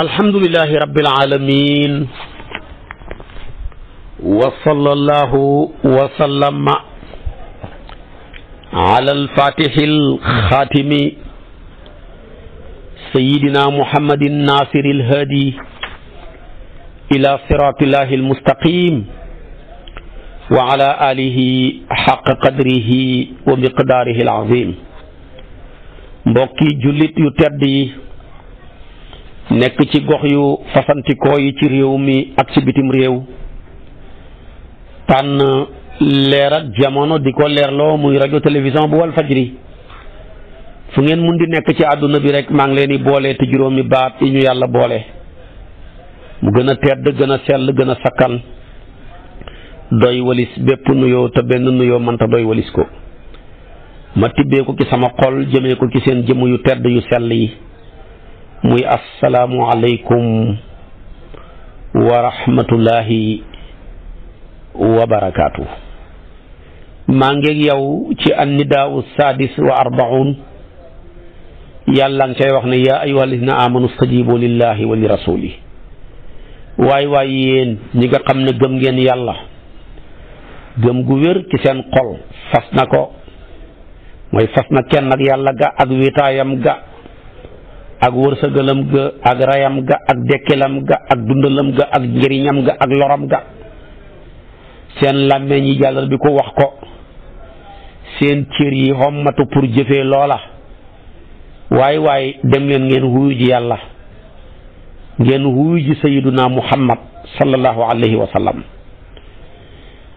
alhamdulilahi rabbil alamin wa sallallahu wa sallama ala alfatixi alxaatimi sayidina muhammadin nasiri alhaadi ila siratillahi almustaqim wa ala alihi xaqa qadrihi wa miqdaarihi alazim mbokki jullit yu tedd yi nekk ci gox yu fasantikoo yi ci réew mi ak ci bitim réew tànn leer jamono di ko leerloo muy rajo télévision bu Walfajri fu ngeen mun di nekk ci àdduna bi rek maa ngi leen di boole te juróomi baat yi ñu yàlla boole mu gën a tedd gën a sell gën a sakkan doy walis bépp nuyoo te benn nuyoo mënta doy walis ko ma tibbee ko ci sama xol jëmee ko ci seen jëmm yu tedd yu sell yi muy asalaamualeykum wa rahmatullahi wa barakaatu. maa ngeeg yow ci annidaawu sadis wa arbaun yàlla nga cay wax ne yaa ayuha alladina amanu stajibu lillahi wa li rasuli waay waay yéen ñi nga xam ne gëm ngeen yàlla gëm gu wér ci seen xol fas na ko mooy fas na kenn ak yàlla ga ak witaayam ga ak wërsëgalam ga ak rayam ga ak dekkilam ga ak dundalam ga ak njëriñam ga ak loram ga seen làmmeñ yi jàllal bi ko wax ko seen cër yi xommatu pour jëfe loola waaye waay dem leen ngeen wuyu ji yàlla ngeen wuyu ji sayiduna muhammad sallallahu alayhi wa sallam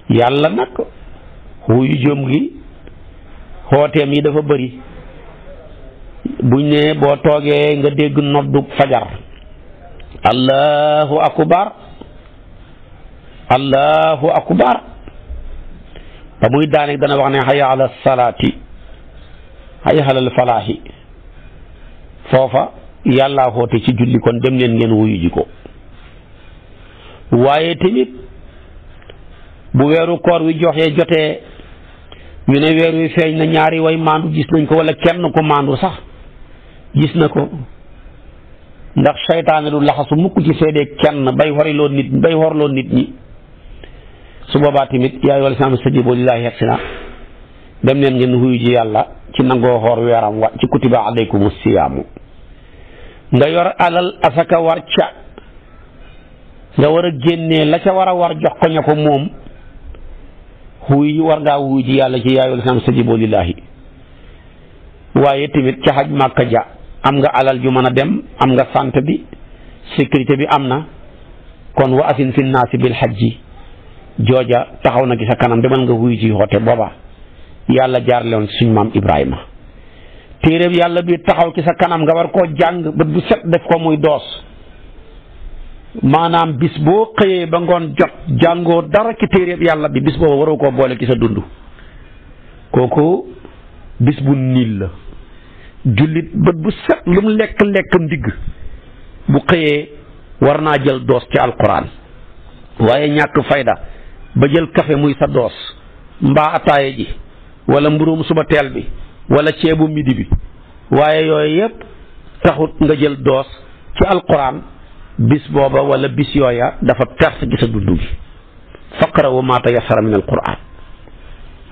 yàlla nag wuyu gi xooteem yi dafa bëri buñ ne boo toogee nga dégg noddu fajar allahu akbar allahu akbar ba muy daaneg dana wax ne xaya ala salaati xaya alal falaahi foofa yàllaa xoote ci julli kon dem leen ngeen wuyu ko waaye tamit bu weeru koor wi joxee jotee ñu ne weer wi feeñ na ñaari way maandu gis nañ ko wala kenn ko maandu sax gis na ko ndax seytaane du laxasu mukk ci seede kenn bay wariloo nit bay warloo nit ñi su boobaa tamit yaa ayyuhal insaanu istajiibu lillaahi yaxsina dem leen ngeen wuyu ji yàlla ci nangoo xoor weeram wa ci kutiba alaykumu siyaamu nga yor alal asaka war ca nga war a génnee la ca war a war jox ko ña ko moom wuyu war ngaa wuyu ji yàlla ci yaa ayyuhal insaanu istajiibu lillaahi waaye tamit ca xaj màkka ja am nga alal ju mën a dem am nga santé bi sécurité bi am na kon wa asin fi naasi bil xajji jooja taxaw na ki sa kanam demal nga wuyu ci xoote booba yàlla jaarale woon suñ maam Ibrahima téeréb yàlla bi taxaw ci sa kanam nga war koo jàng bët bu set def ko muy doos maanaam bis boo xëyee ba ngoon jot jàngoo dara ci téeréb yàlla bi bis booba waroo koo boole ci sa dund kooku bis bu niil la jullit bët bu set lu mu lekk lekk ndigg bu xëyee war naa jël doos ci alquran waaye ñàkk fayda ba jël kafe muy sa doos mbaa ataaye ji wala mu suba teel bi wala ceebu midi bi waaye yooyu yépp taxut nga jël doos ci alxuraan bis booba wala bis yooya dafa perte ci sa dund gi faqra wa maa tayassara min alquran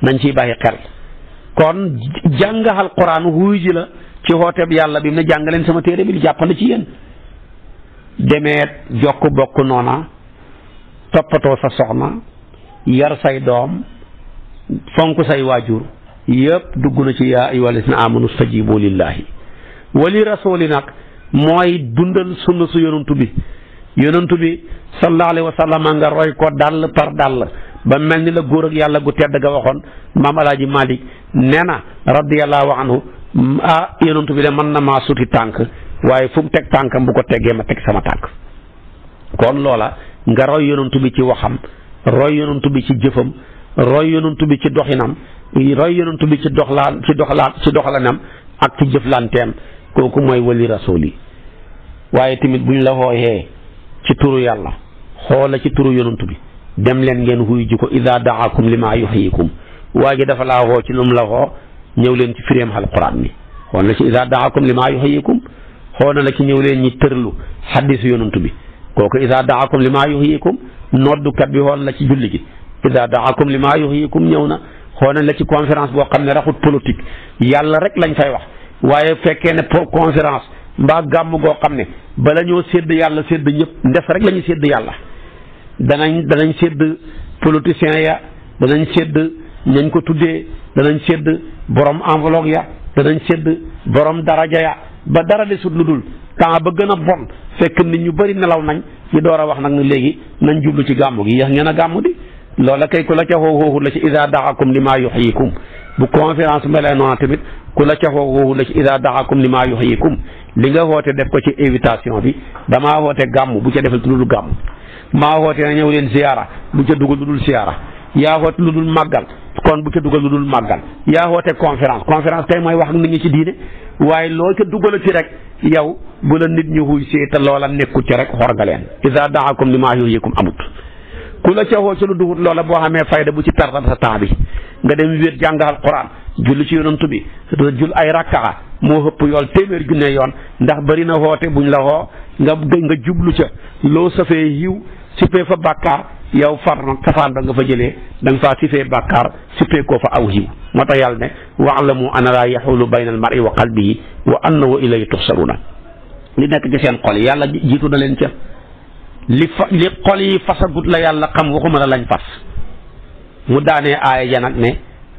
nañ ciy bàyyi xel kon jàngaxal quran wuy la ci xooteeb yàlla bi mu ne jàngaleen sama téere bi di jàppandi ci yéen demeet jokk bokk noona toppatoo sa soxna yar say doom fonk say waajur yëpp dugg na ci yaa ayyuha alladina amanu stajibu lillahi wali rasuli nag mooy dundal sunna su yonantu bi yonantu bi sallallahu alayhi wa sallam nga roy ko dàll par dàll ba mel ni la góor ak yàlla gu tedd ga waxoon maam alaaji malik nee na radiallahu anhu Mm, a ah, yonent bi de mën na maa suti tànk waaye fu mu teg tànkam bu ko tegee ma teg sama tànk kon loola nga roy yonent bi ci waxam roy yonent bi ci jëfam roy yonent bi ci doxinam roy yonent bi ci doxlaan ci doxlaan ci doxalanam ak ci jëflanteem kooku mooy wali rasool yi waaye tamit buñ la xooxee ci turu yàlla xoola ci turu yonent bi dem leen ngeen wuyu ji ko ida daakum li maa yuxyikum waa dafa laa xoo ci lu mu la xoo ñëw leen ci firéem alquran bi xool na ci isa daakum li maa yuxyikum xool na la ci ñëw leen ñi tërlu xaddisu yonantu bi kooku isa daakum li maa yuxyikum noddukat bi xool na ci julli gi isa daakum li maa yuxyikum ñëw na xool la ci conférence boo xam ne raxut politique yàlla rek lañ fay wax waaye fekkee ne pour conférence mbaa gàmm goo xam ne ba ñoo sédd yàlla sédd ñëpp ndef rek la ñu sédd yàlla danañ danañ sédd politicien ya danañ sédd ñañ ko tuddee danañ sédd borom enveloppe ya danañ sedd borom daraja ya ba dara de sut lu dul temps ba gën a bon fekk nit ñu bëri nelaw nañ ñu door a wax nag léegi nañ jublu ci gàmmu gi yéex ngeen a gàmmu di loola kay ku la ca xooxooxu la ci ida daxakum li maa yuxyikum bu conférence mele noona tamit ku la ca xooxooxu la ci ida daxakum li maa yuxyikum li nga woote def ko ci invitation bi damaa woote gàmm bu ca defal lu dul gàmm maa woote na ñëw leen ziyaara bu ca dugal lu dul ziyaara yaa woote lu dul màggal kon bu ca dugal lu dul màggal yaa woote conférence conférence tey mooy wax ak nit ñi ci diine waaye loo ca dugalati rek yow bu la nit ñu xuy see te loola nekku ci rek xor nga leen isa daakum li maa yuhyikum amut ku la ca woo ci lu duhut loola boo xamee fayda bu ci perdal sa temps bi nga dem wéet jàng alquran julli ci yonantu bi jul ay rakkaa moo ëpp yool téeméer junne yoon ndax bari na woote buñ la woo nga nga jublu ca loo safee yiw si fa bàkkaar yow far nag safaan ba nga fa jëlee da nga faa sifee bàkkaar sippee koo fa aw xiw moo tax yàlla ne waalamu ana laa yaxulu bayna al mari wa qalbihi wa annahu ilayhi tuxsaruna li nekk ci seen xol yi yàlla jiitu na leen ca li fa li xol yi fasagut la yàlla xam waxuma la lañ fas mu daanee aaya ja ne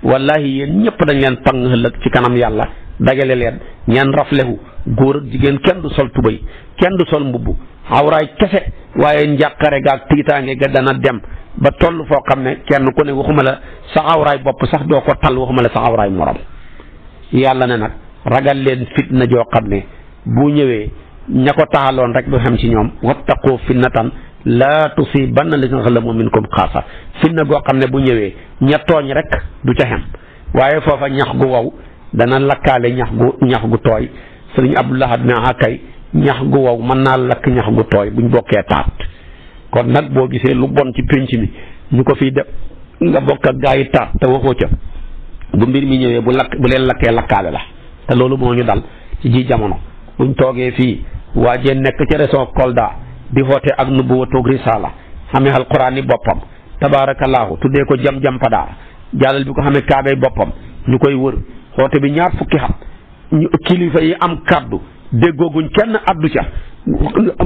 wallahi yéen ñëpp dañ leen pang ëllëg ci kanam yàlla dajale leen ñeen raflehu góor ak jigéen kenn du sol tubéy kenn du sol mbubb xawraay kese waaye njàqare ga ak tiitaange ga dana dem ba toll foo xam ne kenn ku ne waxuma la sa xawraay bopp sax doo ko tal waxuma la sa xawraay morom yàlla ne nag ragal leen na joo xam ne bu ñëwee ña ko rek du xam ci ñoom wattaqu fitnatan laa tusibanna lazina zalamu minkum xaasa fitna goo xam ne bu ñëwee ña tooñ rek du ca xem waaye foofa ñax gu wow dana lakkaale ñax gu ñax gu tooy sëriñ Abdullah ne akay ñax gu wow mën naa lakk ñax gu tooy buñ bokkee taat kon nag boo gisee lu bon ci pénc mi ñu ko fii def nga bokk ak gaa yi taat te waxoo ca bu mbir mi ñëwee bu lakk bu leen lakkee lakkaale la te loolu moo ñu dal ci ji jamono buñ toogee fii waa jee nekk ca région Kolda di woote ak nubuwatoog risaala xamee alquraan yi boppam tabaarakallaahu tuddee ko jam jam padaar jàllal bi ko xamee kaabay boppam ñu koy wër xoote bi ñaar fukki xam ñu kilifa yi am kàddu déggooguñ kenn addu ca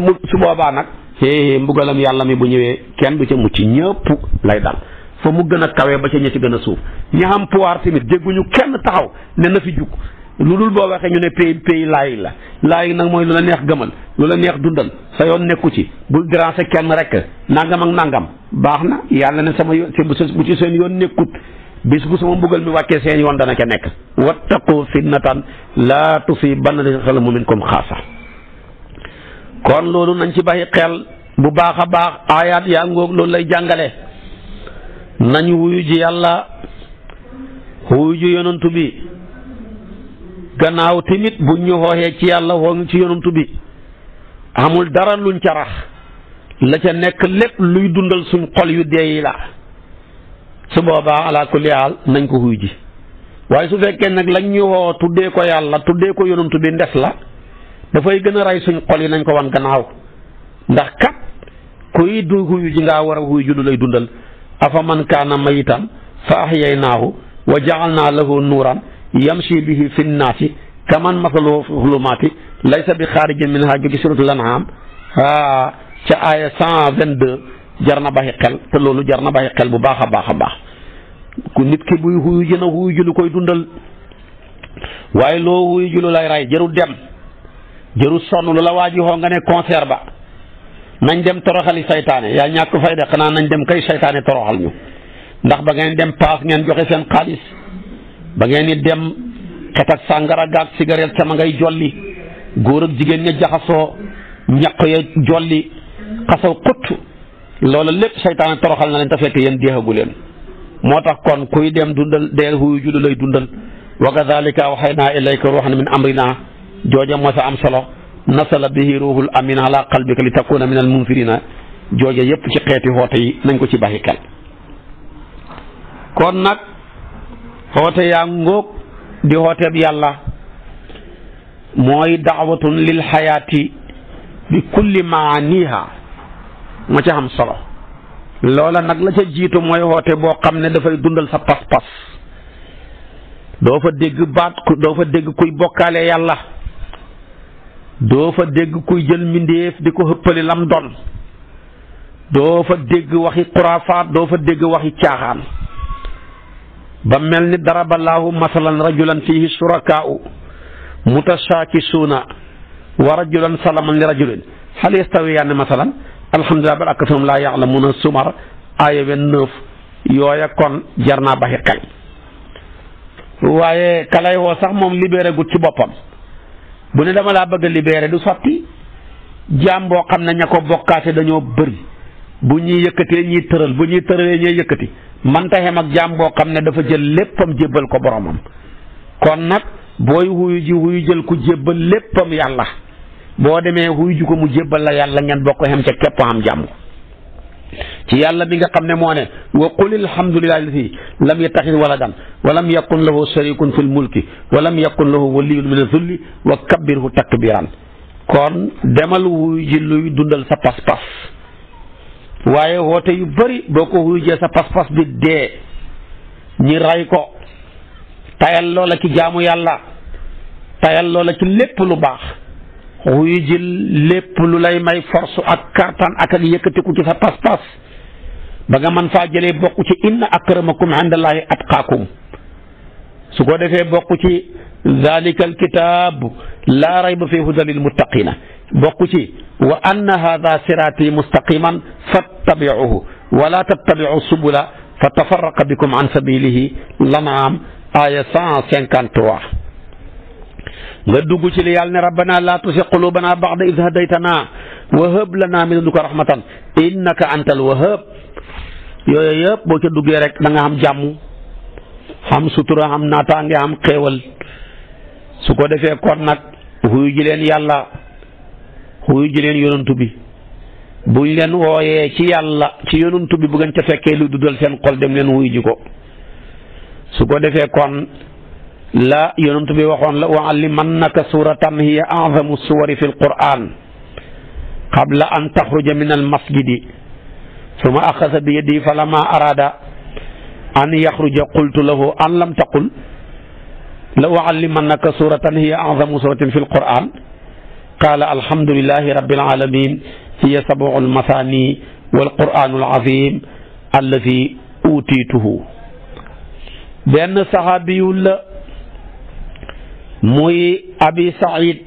mu su boobaa nag hee mbugalam yàlla mi bu ñëwee kenn du ca mucc ñëpp lay dal fa mu gën a kawee ba ca ña ci gën a suuf ñi am pouvoir tamit dégguñu kenn taxaw ne na fi jug lu dul boo waxee ñu ne pays pays laay la laayi nag mooy lu la neex gëmal lu la neex dundal sa yoon nekku ci bul déranger kenn rek nangam ak nangam baax na yàlla ne sama yoon bu ci seen yoon nekkut bis bu sama mbugal mi wàccee seen yoon dana ca nekk wattaqu fitnatan laa tusibanna al-ladhina minkum xaasa kon loolu nañ ci bàyyi xel bu baax a baax aayaat yaa ngoog loolu lay jàngale nañu wuyu ji yàlla wuyu yonantu bi gannaaw tamit buñ ñu xooxee ci yàlla xoo ci yonantu bi amul dara luñ ca rax la ca nekk lépp luy dundal suñ xol yu dee yi la su boobaa ala kulli nañ ko wuy ji waaye su fekkee nag lañ ñu woo tuddee ko yàlla tuddee ko yonantu bi ndef la dafay gën a rey suñ xol yi nañ ko wan gannaaw ndax kat kuy du wuyu ji ngaa war a wuyu ji lay dundal afa man kaanam kaana mayitan fa ahyaynaahu wa jaxal naa la ja'alnaa lahu nuuran yamshi naa fi nnaasi kaman masaluhu fi zulumaati laysa bi xaarijin la jóge suratul an'aam ca aaya 122 jar na bàyyi xel te loolu jar na bàyyi xel bu baax a baax a baax ku nit ki buy xuyu jën a xuyu ji lu koy dundal waaye loo xuyu ji lu lay rey jarul dem jarul sonn lu la waa ji xoo nga ne concert ba nañ dem toroxali saytaane yaa ñàkk fay de xanaa nañ dem kay saytaane toroxal ñu ndax ba ngeen dem paas ngeen joxe seen xaalis ba ngeen di dem xet ak sàngara gaag cigarette sama ngay jolli góor ak jigéen ña jaxasoo ñaq ya jolli xasaw xut loolu lépp seytaane toroxal na leen te fekk yéen deexagu leen moo tax kon kuy dem dundal dee huyu julli lay dundal wa kadalika awxaynaa ilayka ruuxan min amrina jooja mosa am solo nasala bihi ruuhul amin ala qalbika li takuna min al munfirina jooja yépp ci xeeti xoote yi nañ ko ci baxi xel kon nag xoote yaa di xooteeb yàlla mooy daawatun lil xayaati bi kulli maaniha ma ci xam solo loola nag la ca jiitu mooy woote boo xam ne dafay dundal sa pas-pas doo fa dégg baat doo fa dégg kuy bokkaale yàlla doo fa dégg kuy jël mbindéef di ko xëppali lam doon doo fa dégg waxi xuraafaat doo fa dégg waxi caaxaan ba mel ni daraba laahu masalan rajulan fihi shurakaau mutashaakisuuna wa rajulan salaman li rajulin hal yastawiyaani masalan alhamdulilah bal aktarum laa ya'lamuuna sumar aaya vingt yooya kon jar naa baxi xel waaye kalay woo sax moom libéré gut ci boppam bu ne dama laa bëgg a du sotti jaam boo xam ne ña ko bokkaate dañoo bëri bu ñuy yëkkatee ñuy tëral bu ñuy tëralee ñuy yëkkati man taxem ak jaam boo xam ne dafa jël léppam jébbal ko boromam kon nag booy wuyu ji wuyu jël ku jébbal léppam yàlla boo demee wuy ju ko mu jébbal la yàlla ngeen bokk xem ca képp am jàmm ci yàlla mi nga xam ne moone ne wa qul alhamdulillahi alladi lam yattaxid waladan wa lam yakun lahu sharikun fi lmulki wa lam yakun lahu waliyun min azulli wa kabbirhu takbiran kon demal wuy luy dundal sa pas-pas waaye woote yu bari boo ko wuy jee sa pas-pas bi dee ñi ray ko tayal loola ci jaamu yàlla tayal loola ci lépp lu baax wuyu ji lépp lu lay may force ak kartan ak ak yëkkatiku ci sa pas-pas ba nga mën faa jëlee bokk ci inna akramakum indallahi atqaakum su ko defee bokk ci dalika alkitab laa rayba fi hudan lilmuttaqina bokk ci wa anna hada siraati mustaqiman fattabicuhu wala tattabicu subula fa tafarraqa bikum an sabilihi lanaam aya 153 nga dugg ci li yàlla ne rabbana laa tusi qulubana baxda id hadaytana wahab lana min ladunka rahmatan innaka antal wahab yooyu yëpp boo ca duggee rek da nga am jàmm xam sutura am naataange am xéewal su ko defee kon nag xuyu ji yàlla xuyu ji leen yonantu bi buñ leen wooyee ci yàlla ci bi bu ngeen ca fekkee lu duddal seen xol dem leen xuyu ji su ko defee kon la yonent bi waxoon la wa allimannaka suratan hiya azamu suwari fi alquran qabla an taxruja min almasjidi suma axasa bi yadi falama arada an yaxruja qultu lahu an lam taqul la uallimannaka suratan hiya azamu suratin fi alquran qaala alhamdulilahi rabbil alamin hiya sab'ul masani wal qur'anul azim allazi utiituhu benn saxaabiyu la muy abi said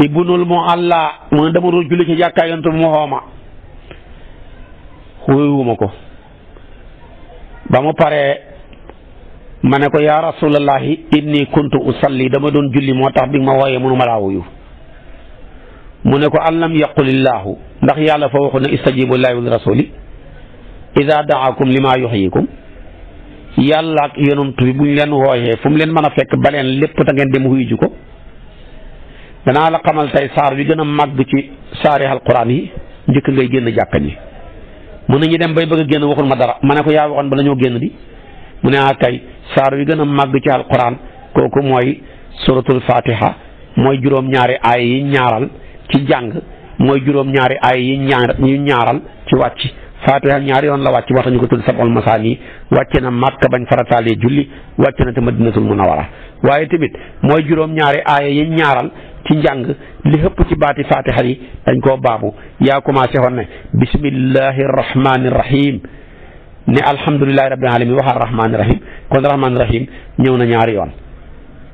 ibnul mualla mu ne dama doon julli ci jàkkaay yontu mu xooma wuyuwuma ko ba mu paree ma ne ko yaa rasulallahi inni kuntu usalli dama doon julli moo tax bi ma wooyee mënuma laa wuyu mu ne ko allam yaqulillahu ndax yàlla fa waxu ne istajibu lillahi li rasuli ida daakum lima yuxyikum yàlla ak yonent bi buñ leen wooyee fu mu leen mën a fekk baleen lépp da ngeen dem wuyu ji ko danaa la xamal tey saar bi gën a màgg ci saari alquran yi njëkk ngay génn jàkka ñi mun nañu dem bay bëgg génn waxul ma dara ma ne ko yaa waxoon ba la génn mu ne ah kay saar bi gën a màgg ci alquran kooku mooy suratul fatiha mooy juróom-ñaari aay yi ñaaral ci jàng mooy juróom-ñaari aay yi ñu ñaaral ci wàcc faatiha ñaari yoon la wàcc moo tax ñu ko tudd sab'ul masaani wàcce na màkka bañ farataalee julli wàcce na te madinatul munawara waaye tamit mooy juróom-ñaari aaya yi ñaaral ci njàng li xëpp ci baati faatiha yi dañ koo baabu yaa commencé woon ne bismillahi rahmani rahim ne alhamdulillahi rabbil alamin waxal rahmani rahim kon rahmani rahim ñëw na ñaari yoon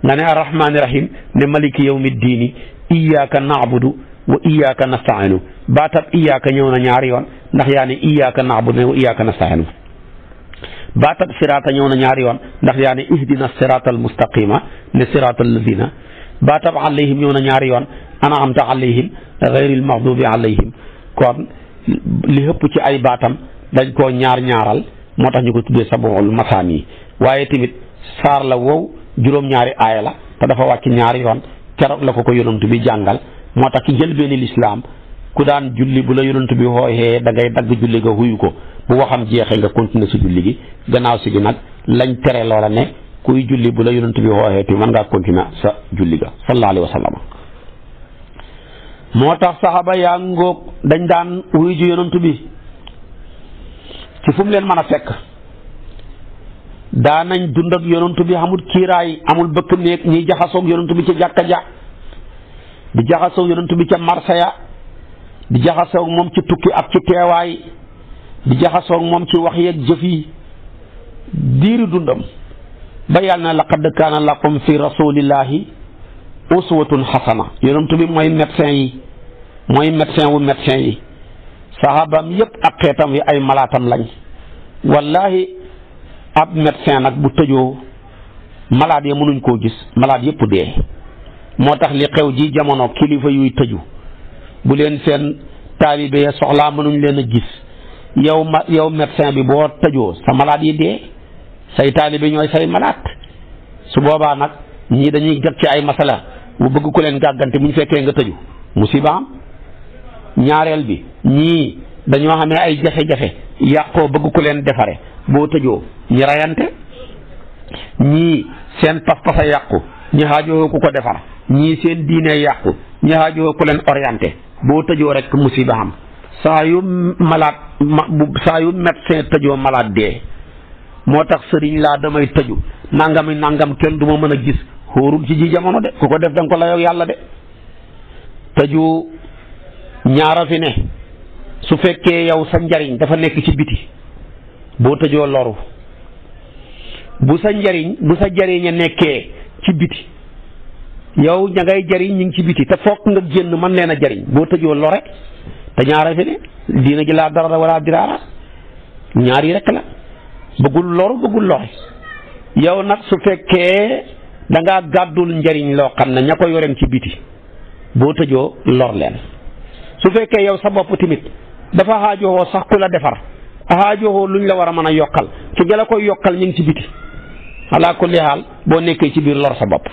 nga ne arrahmani rahim ne maliki yawmi diini iyyaka na'budu wa iyyaka nasta'inu baatab iyyaka ñëw na ñaari yoon ndax yaa ne iyyaka na'budu ne wa iyyaka nasta'inu baatab siraata ñëw na ñaari yoon ndax yaa ne ihdina siraata almustaqima ne siraata alladina baatab alayhim ñëw na ñaari yoon an'amta alayhim ghayril maghdubi alayhim kon li ëpp ci ay baatam dañ ko ñaar ñaaral moo tax ñu ko tuddee sab'ul masaani waaye tamit saar la wow juróom-ñaari aaya la te dafa wàcc ñaari yoon keroog la ko ko yonent bi jàngal moo tax ci jëlbeeni ku daan julli bu la yonent bi hooyee da ngay dagg julli nga huyu ko bu waxam jeexee nga continuer nag lañ tere loola ne kuy bu la yonent bi hooyee tu mën ngaa continuer sa julli ga sallallahu alayhi wa sallam saxaaba yaa ngóog dañ daan wuyu ji yonent bi ci fu leen mën a fekk daanañ dund ak yonent bi amul kiiraay amul bëkk néeg ñiy jaxasoog yonent bi ci jàkka ja di jaxasoog yonent bi ca marsaya di jaxasoog moom ci tukki ak ci teewaay di jaxasoog moom ci wax yeeg jëf yi diiri dundam ba yàlla na laqad kaana lakum fi rasulillahi uswatun xasana yonent bi mooy médecin yi mooy médecin wu médecin yi saxaabaam yépp ak xeetam yi ay malaatam lañ wallahi ab médecin nag bu tëjoo malade ya mënuñ koo gis malaat yépp dee moo tax li xew ji jamono kilifa yuy tëju bu leen seen taalibe soxlaa mënuñ leen a gis yow ma yow médecin bi boo tëjoo sa malade yi dee say taalibe ñooy say malade su boobaa nag ñii dañuy jot ci ay masala bu bëgg ku leen gàggante bu fekkee nga tëju musiba am ñaareel bi ñii dañoo xamee ay jafe-jafe yàqoo bëgg ku leen defare boo tëjoo ñi rayante ñii seen pas-pasa yàqu ñi xaajoo ku ko defar ñii seen diine yàqu ñi xaajoo ku leen orienté boo tëjoo rek musiba am saa yu malade ma saa yu médecin tëjoo malaat dee moo tax sëriñ laa damay tëju nangami nangam kenn du ma mën a gis xóorul ci ji jamono de ko ko def da nga ko layoog yàlla de tëju ñaara fi ne su fekkee yow sa njariñ dafa nekk ci biti boo tëjoo loru bu sa njariñ bu sa njariñ a nekkee ci biti yow ña ngay jariñ ñu ngi ci biti te foog nga génn mën leen a jariñ boo tëjoo lore te ñaara fi ne diina ji laa darara wala diraara ñaar yi rek la bëggul loru bëggul lore yow nag su fekkee da ngaa gàddul njariñ loo xam ne ña ko yoreen ci biti boo tëjoo lor leen su fekkee yow sa bopp tamit dafa xaajowoo sax ku la defar lu ñu la war a mën a yokkal ci gën a koy yokkal ñu ngi ci biti ala kulli xaal boo nekkee ci biir lor sa bopp.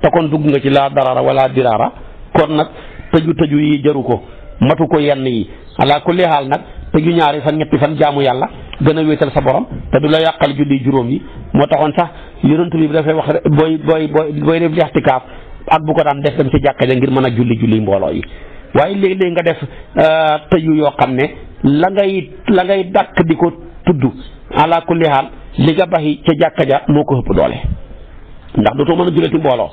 te kon dugg nga ci laa darara wala diraara kon nag tëju tëju yi jaru ko matu ko yenn yi ala kulli xaal nag tëju ñaari fan ñetti fan jaamu yàlla gën a wéetal sa borom te du la yàqal julli juróom yi moo taxoon sax yonent bi dafay wax booy booy booy booy def lextikaaf ak bu ko daan def dem ci jàkka ja ngir mën a julli julli mbooloo yi waaye léeg-léeg nga def euh, tëju yoo xam ne la ngay la ngay dàkk di ko tudd ala kulli xaal li nga baxi ca jàkka moo ko doole ndax dootoo mën a julliti mbooloo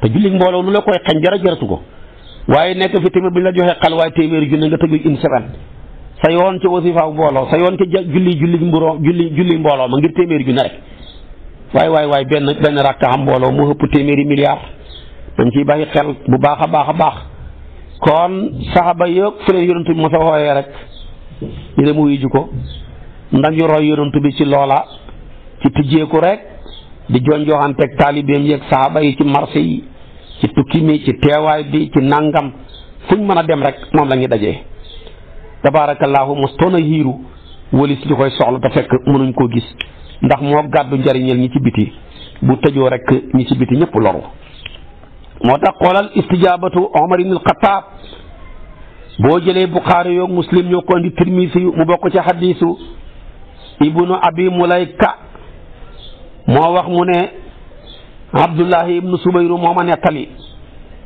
te jullit mbooloo lu la koy xañ jara jaratu ko waaye nekk fi tamit bu ñu la joxee xal waaye téeméeri junne nga tëju une semaine sa yoon ci wasifaaw mbooloo sa yoon ci julli julli mburoo julli julli mbooloo ma ngir téeméeri junne rek waaye waay waaye benn benn rakka xam mbooloo moo ëpp téeméeri milliard dañ ciy bàyyi xel bu baax a baax a baax kon saxaba yëpp fu leen yonantu bi mos a wooyee rek ñu dem wuyu ji ko ndax ñu roy yonantu ci loola ci tijjeeku rek di jonjoxanteeg taalibeem yeeg saaba yi ci marché yi ci tukki mi ci teewaay bi ci nangam fuñ mën a dem rek moom la ñuy dajee tabaarakallaahu mostoon a hiiru wëlis ñu koy soxla te fekk mënuñ koo gis ndax moo gàddu njariñel ñi ci biti bu tëjoo rek ñi ci biti ñëpp loru moo tax xoolal istijaabatu omar ibn alxataab boo jëlee buxaari yoog muslim ñoo ko andi mu bokk ci xadiisu ibnu abi mulayka moo wax mu ne abdullahi ibnu subayru moo ma nettali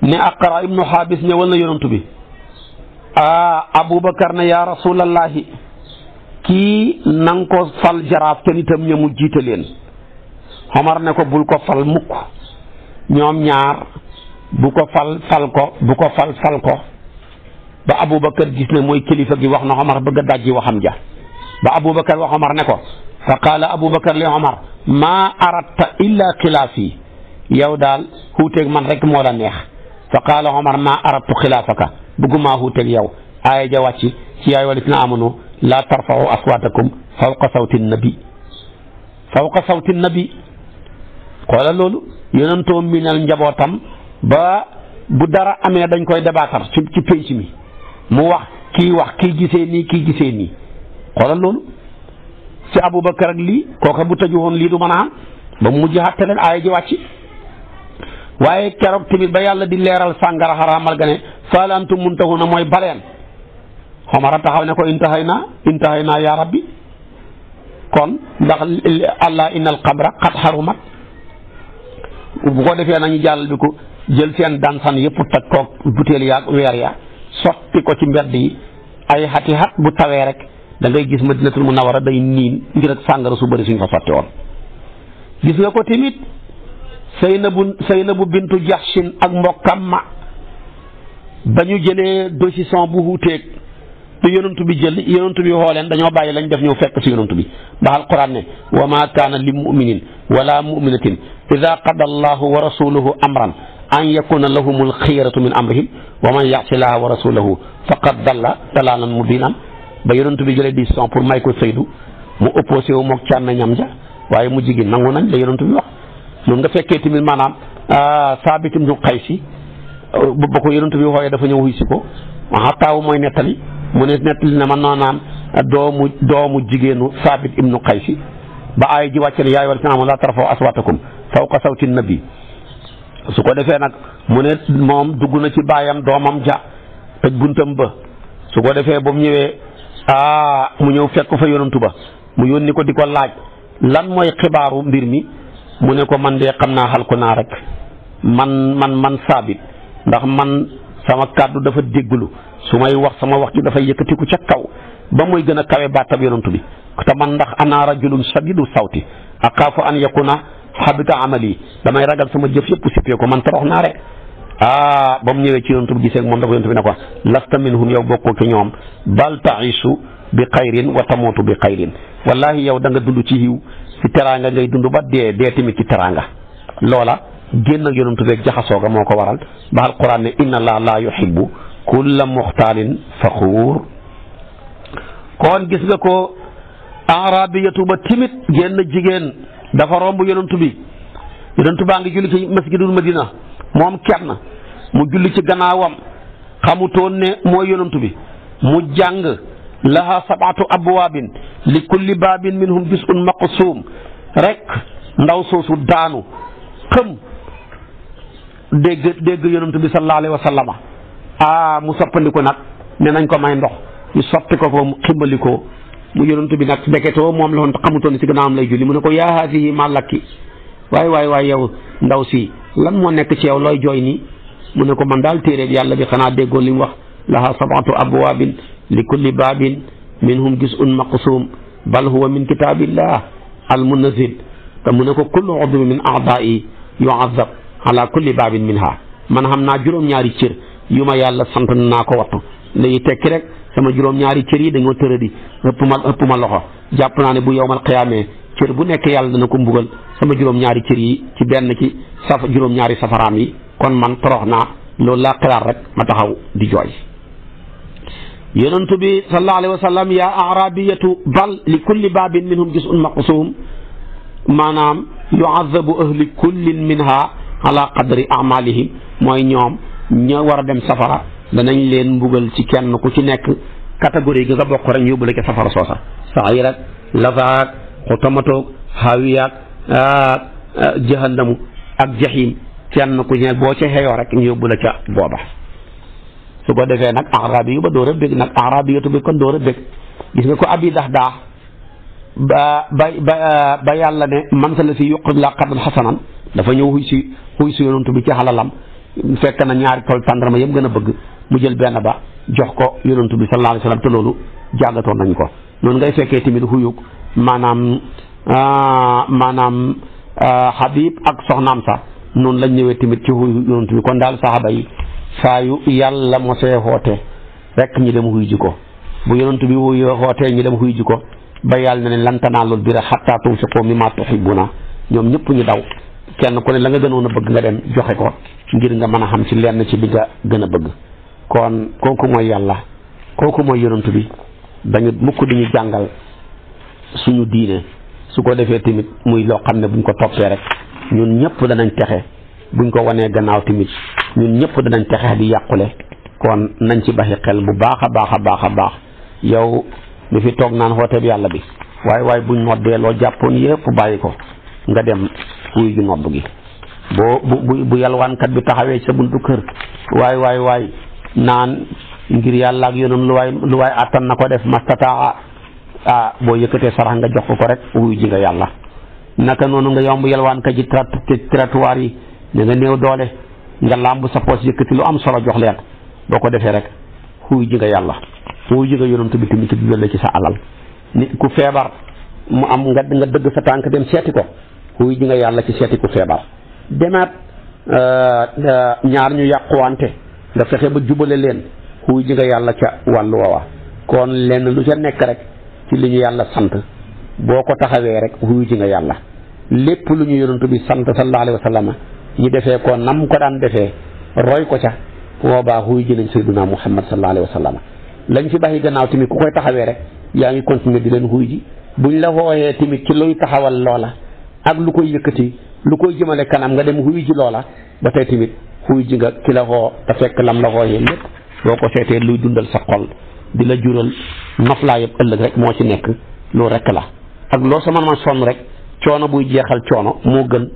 ne aqra ibnu xaabis ñëwal na yonantu bi a aboubacar ne yaa rasulallahi kii nang ko fal jaraaf te nitam ña mu jiite leen xomar ne ko bul ko fal mukk ñoom ñaar bu ko fal fal ko bu ko fal fal ko ba aboubacar gis ne mooy kilifa gi wax na xomar bëgg a dajji waxam ja ba aboubacar wax xomar ne ko fa qaala aboubacar li xomar maa aratta illa xilaaf yi yow daal xuuteeg man rek moo la neex fa qaala omar maa arattu xilaafaka bëggumaa xuuteeg yow aaya ja wàcc ci yaay walit na amanu laa tarfau aswaatakum fawqa sawti nabi fawqa sawti nabi xoola loolu yonentoo minal njabootam ba bu dara amee dañ koy debaatar ci ci pénc mi mu wax kii wax kii gisee nii kii gisee nii xoola loolu ci abu Aboubacar ak lii kooka bu tëju woon lii du mën a am ba mu mujj xatte leen aaya ji wàcc waaye keroog tamit ba yàlla di leeral sàngara xaraamal ga ne fa hal antum mooy baleen Omar taxaw ne ko intahay naa intahay naa yaa rabbi kon ndax allah innal xabra xat xarumat bu ko defee nañu jàll bi ko jël seen dansan yëpp toj koog butéel yaag weer ya sotti ko ci mbedd yi ay xati xat bu tawee rek da ngay gis madinatul munawara day niin ngir ak sàngara su bëri suñ fa fàtte woon gis nga ko tamit Saynabu Saynabu bintu Jaxsin ak mbokkam ma ba ñu jëlee décision bu wuuteeg bi yonantu bi jël yonantu bi xooleen dañoo bàyyi lañ def ñëw fekk si yonantu bi ndax alquran ne wa ma kaana li muminin wala muminatin ida qada allahu wa rasuluhu amran an yakuna lahumul xiyaratu min amrihim wa man yaxsi laha wa rasulahu faqad dalla dalalan mubinan ba yonent bi jëlee décision pour may ko Seydou mu opposé wu moog càmmeñam ja waaye mu jigéen nangu nañ la yonent bi wax loolu nga fekkee tamit maanaam ah, Saabit ibnu Qays ba ko yonent bi waxee dafa ñëw wuy si ko xattaawu mooy nettali mu ne nettali na ma noonaan doomu doomu jigéenu Saabit ibnu Qays ba aay ji wàcce ne yaa ayyuhal laziina aamanu laa tarfa'u aswaatakum fawqa sawti nabi su ko defee nag mu ne moom dugg na ci baayam doomam ja tëj buntam ba su ko defee ba mu ñëwee ah mu ñëw fekk fa yonantu ba mu yónni ko di ko laaj lan mooy xibaaru mbir mi mu ne ko man de xam naa xal ko naa rek man man man saabit ndax man sama kàddu dafa dégglu su may wax sama wax ji dafa yëkkatiku ca kaw ba mooy gën a kawe baatab yonantu bi te man ndax ana rajulun shadidu sawti axaafu an yakuna habita amali damay ragal sama jëf yëpp sippee ko man torox naa rek ah ba mu ñëwee ci yonent bi gisee moom dafa yonent bi ne ko lasta minhum yow bokkoo ci ñoom bal taisu bi xayrin bi xayrin wallahi yow da nga dund ci yiw ci teraanga ngay dund ba dee dee tamit ci teraanga loola génn ak yonent beeg jaxasoo ga moo ko waral ba alquran ne inna allaha la yuhibbu kulla muxtaalin faxuur kon gis nga ko arabiyatu ba timit génn jigéen dafa romb yonent bi yonent baa ngi julli ci masjidul madina moom kenn mu julli ci gannaawam xamutoon ne mooy yonantu bi mu jàng laha sabatu abwaabin li kulli baabin minhum juz'un maqsuum rek ndaw soosu daanu xëm dégg dégg yonantu bi sallallahu alayhi mu soppandiku nag ne nañ ko may ndox ñu soppi ko ko mu ximbalikoo mu yonantu bi nag ndeketoo moom la woon xamutoon ne ci gannaawam lay julli mu ne ko yaa haadihi ma lakki waaye waay waay yow ndaw si lan moo nekk ci yow looy jooy nii mu ne ko man daal téeréeb yàlla bi xanaa déggoo li mu wax laha sabatu abwaabin li kulli baabin minhum juz'un maqsuum bal huwa min kitaabillah almunazzil te mu ne ko kullu udwin min a'daa'i yu'azzab ala kulli baabin minha man xam naa juróom-ñaari cër yu ma yàlla sant naa ko wattu léegi tekki rek sama juróom-ñaari cër yi dañoo tëradi ëpp ma ëpp ma loxo jàpp naa ne bu yowmal qiyaamee cër bu nekk yàlla dana ko mbugal sama juróom-ñaari cër yi ci benn ci saf juróom-ñaari safaraam yi kon man torox naa loolu laa xalaat rek ma taxaw di jooy yonentu bi sallallahu alayhi wa sallam yaa arabiyatu bal li kulli baabin minhum juz'un maqsuum maanaam yu'azzabu ahli kullin minha ala qadri amalihim mooy ñoom ña war a dem safara danañ leen mbugal ci kenn ku ci nekk catégorie gi nga bokk rek ñu yóbbu la ca safara soosa saxiir ak lazaak xutamatoog xaawiyaak ah, ah, jahannamu ak jaxiim kenn ku ñeel boo ca xeyoo rek ñu yóbbu la ca booba su ko defee nag arabi yu ba door a bég nag arabi yotu bi kon door a bég gis ko abi dax daa ba ba ba yàlla ne man sa la si yuqrib la qardan xasanan dafa ñëw xuy si xuy si yonantu bi ci xalalam fekk na ñaari tool tàndarma yëpp gën a bëgg mu jël benn ba jox ko yonantu bi sallallahu alayhi wa sallam te loolu jàngatoon nañ ko noonu ngay fekkee tamit xuyug maanaam ah, maanaam ah, Habib ak soxnaam sax noonu lañ ñëwee tamit ci wuyu yonent bi kon daal saxaaba yi saa yu yàlla mosee xoote rek ñi dem wuyu ji ko bu yonent bi wuyu xootee ñi dem wuyu ji ko ba yàlla na ne lan tanaalul birra hattaa tunfiqu mimmaa tuhibbuuna ñoom ñëpp ñu daw kenn ku ne la nga gënoon a bëgg nga dem joxe ko ngir nga mën a xam ci lenn ci li nga gën a bëgg kon kooku mooy yàlla kooku mooy yonent bi dañu mukk di ñu jàngal suñu diine su ko defee tamit muy loo xam ne buñ ko toppee rek ñun ñëpp danañ texe buñ ko wanee gannaaw tamit ñun ñëpp danañ texe di yàqule kon nañ ci baxi xel bu baax a baax a baax a baax yow mi fi toog naan xooteeb yàlla bi waaye waaye buñ noddee loo jàppoon yëpp bàyyi ko nga dem wuy ju nodd gi boo bu bu yalwaankat bi taxawee sa buntu kër waaye waaye waay naan ngir yàlla ak yoonam lu waay lu waay àttan na ko def mastataa ah boo yëkkatee sarax nga jox ko ko rek wuy ji nga yàlla naka noonu nga yomb yalwaan ka ji trottoir yi da nga neew doole nga làmb sa yëkk yëkkati lu am solo jox leen boo ko defee rek xuy ji nga yàlla xuy ji nga yonantu bi tamit tudd la ci sa alal nit ku feebar mu am nga nga dëgg sa tànk dem seeti ko xuy ji nga yàlla ci seeti ku feebar demaat euh, euh, ñaar ñu yàquwante nga fexe ba jubale leen xuy ji nga yàlla ca wàllu wa kon lenn lu ca nekk rek ci li ñu yàlla sant boo ko taxawee rek wuyu ji nga yàlla lépp lu ñu yonantu bi sant sallallahu alayhi wa sallam ñu defee ko nam ko daan defee roy ko ca boobaa wuyu ji nañ sayyiduna muhammad sallallahu alayhi wa sallam lañ fi bàyyi gannaaw tamit ku koy taxawee rek yaa ngi continuer di leen wuyu ji ñu la wooyee tamit ci luy taxawal loola ak lu koy yëkkati lu koy jëmale kanam nga dem wuyu ji loola ba tey tamit wuyu ji nga ki la ko te fekk lam la wooyee lépp boo ko seetee luy dundal sa xol di la jural noflaayab ëllëg rek moo ci nekk loolu rek la ak loo sa mën ma sonn rek coono buy jeexal coono moo gën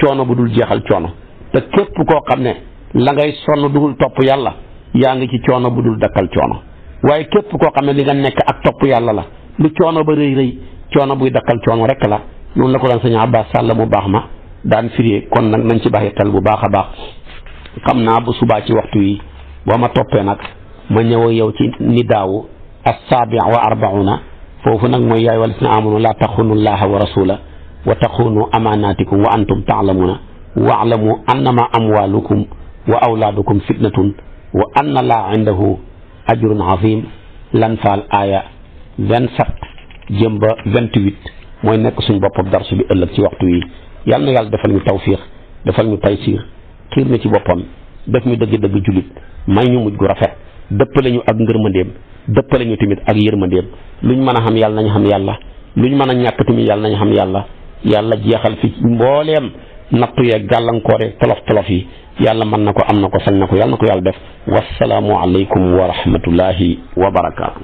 coono bu dul jeexal coono te képp koo xam ne la ngay sonn dugul topp yàlla yaa ngi ci coono bu dul dakkal coono waaye képp koo xam ne li nga nekk ak topp yàlla la lu coono ba rëy rëy coono buy dakkal coono rek la noonu la ko daan sëñ Abbas Sàll mu baax ma daan firi kon nag nañ ci bàyyi xel bu baax a baax xam naa bu subaa ci waxtu yi boo ma toppee nag ma ñëw yow ci ni daawu assaabi wa arbauna foofu nag mooy yaay wal sina amanu laa taxunu llaha wa rasula wa taxunu amanatikum wa antum taalamuuna waalamu annama amwalukum wa awlaadukum fitnatun wa anna laa indahu ajrun azim lan faal aaya vingt sept jëm ba vingt huit mooy nekk suñ boppam darsu bi ëllëg ci waxtu wi yal na yàlla defal ñu tawfiix defal ñu taysiir ci boppam def ñu dëgg-dëgg jullit may ñu mujj gu rafet dëppale ñu ak ngërmandeem dëppale ñu tamit ak yërmandeem luñ mën a xam yàlla nañu xam yàlla luñ mën a ñàkk tamit yàlla nañu xam yàlla yàlla jeexal fi mbooleem nattu gàllankoor gàllankoore tolof tolof yi yàlla mën na ko am na ko sañ na ko yàlla na ko yàlla def wasalaamu aleykum wa rahmatullahi wa barakaatu.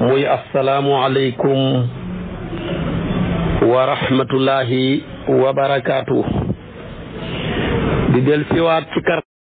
muy asalaamu aleykum wa rahmatullahi di del siwaat ci kar